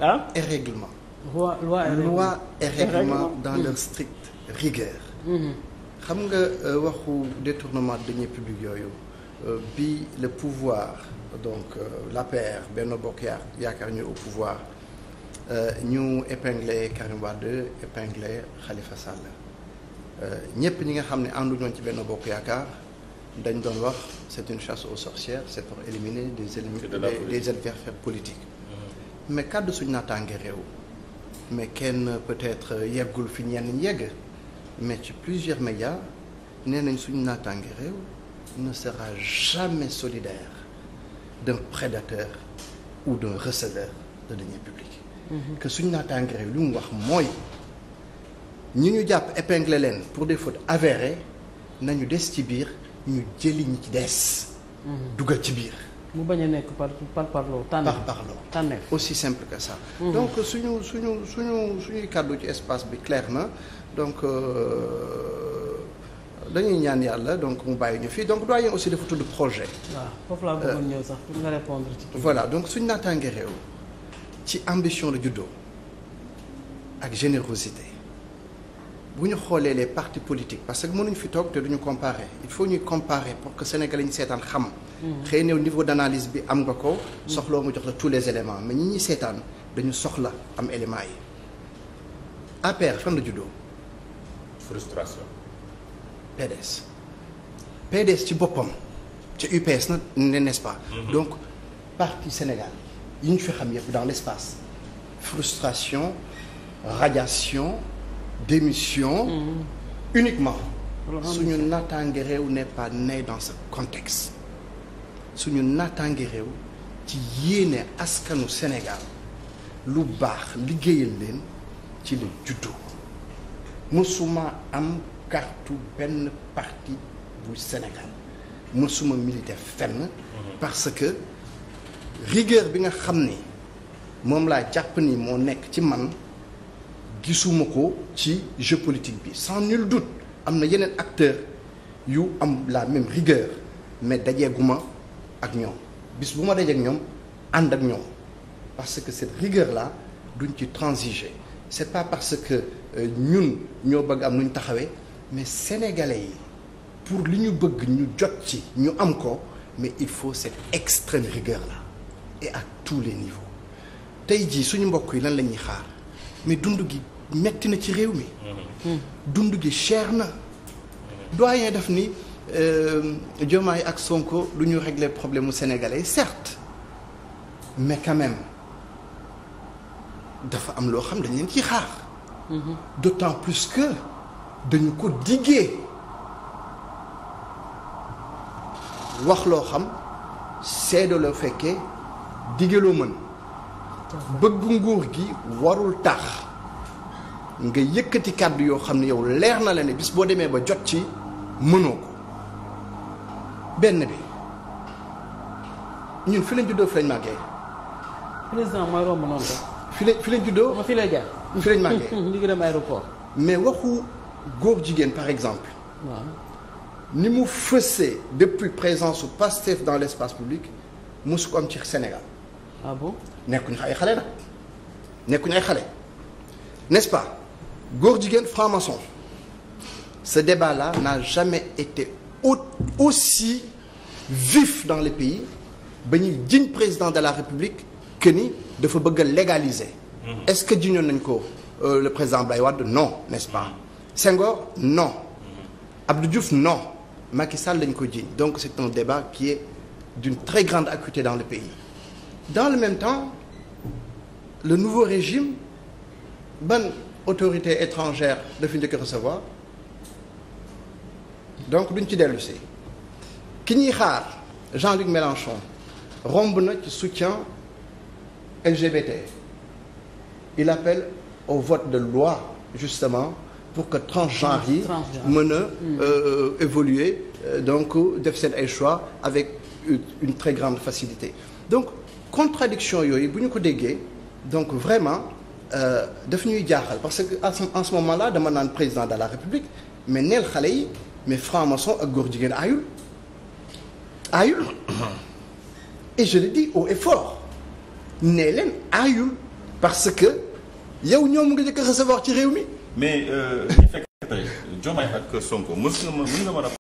ah et règlement. loi loi et règlement dans mm. leur stricte rigueur. Mm-hmm. xam nga euh, waxu détournement de deniers publics yooyu euh, bi le pouvoir donc la euh, l'APR benn Bokk Yaakaar ñu au pouvoir ñu épinglé Karim Wade épinglé Khalifa Sall ñëpp ñi nga xam ne ànduñoon ci Benno Bokk Yaakaar dañ doon wax c'est une chasse aux sorcières c'est pour éliminer des ennemis des adversaires politiques mais kàddu suñ naataange réew mais kenn peut-être yeggul fi ñenn ñi yegg mais ci plusieurs médias nee nañ suñ naataange réew ne sera jamais solidaire d'un prédateur ou d'un receleur de deniers publics mmh. que suñ naataange réew li mu wax mooy ñi ñu jàpp épinglé leen pour des fautes avérées nañu des ci biir ñu jëli ñi ci des mm-hmm. dugal ci biir mu bañ a nekk par par parloo tànneef par parloo tànneef aussi simple que ça. Mmh. donc suñu suñu suñu suñuy kàddu ci espace bi clair na donc euh, dañuy ñaan yàlla donc mu bàyyi ñu fii donc doyen aussi dafa tudd projet. waaw foofu laa bëggoon euh, ñëw sax pour nga répondre ci. voilà donc suñu naataange ci ambition la juddoo ak générosité bu ñu xoolee les parti politiques parce que mënuñ fi toog te duñu comparer il faut ñuy comparer pour que sénégal ñu seetaan xam. xëy na niveau d' analyse bi am nga ko. soxloo mu jox la tous les éléments mais ñi ñuy seetaan dañu soxla am élément yi. APR fan la juddoo. frustration. PDS. PDS ci boppam ci UPS na ne nest pas. Mhm. donc parti Sénégal yi ñu fi xam yëpp dans l' espace. frustration radiation démission. Mhm. uniquement suñu nattaange réew n'est pas né dans ce contexte. suñu naataange réew ci yéene askanu Sénégal lu baax liggéeyal leen ci la juddu mësuma am kartu benn parti bu Sénégal mësuma militaire fenn mhm. parce que rigueur bi nga xam ni moom laa jàpp ni moo nekk ci man gisuma ko ci jeu politique bi sans nul doute am na yeneen acteur yu am la même rigueur mais dajeeguma ak ñoom bis bu ma dajee ñoom ànd ak ñoom parce que cette rigueur la duñ ci transiger c'est pas parce que euh, ñun ñoo bëgg am lu taxawee mais sénégalais yi pour li ñu bëgg ñu jot ci ñu am ko mais il faut cette extrême rigueur là et à tous les niveaux tey jii suñu mbokk yi lan la ñuy xaar mais dund gi metti na ci réew mi mm-hmm. dund gi cher na doyen daf ni jomaa euh, Diomaye ak Sonko du ñu régler problème mu sénégalais certes mais quand même dafa am loo xam dañ leen ciy xaar. Mhm. d'autant plus que dañu ko diggee wax loo xam seede loo fekkee diggee loo mën. bëgg nguur gi warul tax nga yëkkati kàddu yoo xam ne yow leer na la ne bis boo demee ba jot ci mënoo ko. benn bi ñun fi lañ juddoo fi màggee. président mooy romb noonu rek. fi la juddoo. ma fi lay jaar. fi màggee. mais waxu góor jigéen par exemple. waaw ni mu fësee depuis présence su Pastef dans l' espace public mosu ko am ci Sénégal. ah bon nekkuñu ay xale nag nekkuñu ay xale n' est ce pas góor jigéen franc ce débat là n'a jamais été haut. aussi vif dans le pays ba ñuy jiñ président de la république que ni dafa bëgg a légaliser. Mm-hmm. est-ce que jiñoon nañ ko euh, le président Abdoulaye Wade non n'est-ce pas. Mm-hmm. Senghor non. Mm-hmm. Abdou Diouf non. Macky Sall lañ ko jiñ donc c'est un débat qui est d'une très grande acuité dans le pays. dans le même temps le nouveau régime ban autorité étrangère dafa njëkk recevoir donc duñ ci dellusi ki ñuy xaar Jean-Luc Mélenchon romb na ci soutien LGBT il appelle au vote de loi justement pour que transgenre ah, yi mën a mm. euh, évoluer euh, donc def seen ay choix avec une très grande donc contradiction yooyu bu ñu ko déggee donc vraiment euh, daf ñuy jaaxal parce que en ce moment là dama naan président de la république mais neel xale mais franc-maçon ak góor jigéen ayul aayul et je le dis haut et fort nee leen aayul parce que yow ñoom nga njëkk a recevoir ci réew mi. mais ñu euh, fekk tey Diomaye ak Sonko mën nga ma mën nga